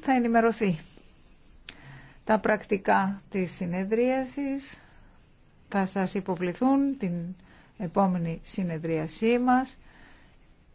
θα ενημερωθεί. Τα πρακτικά της συνεδρίασης θα σας υποβληθούν την επόμενη συνεδρίασή μας.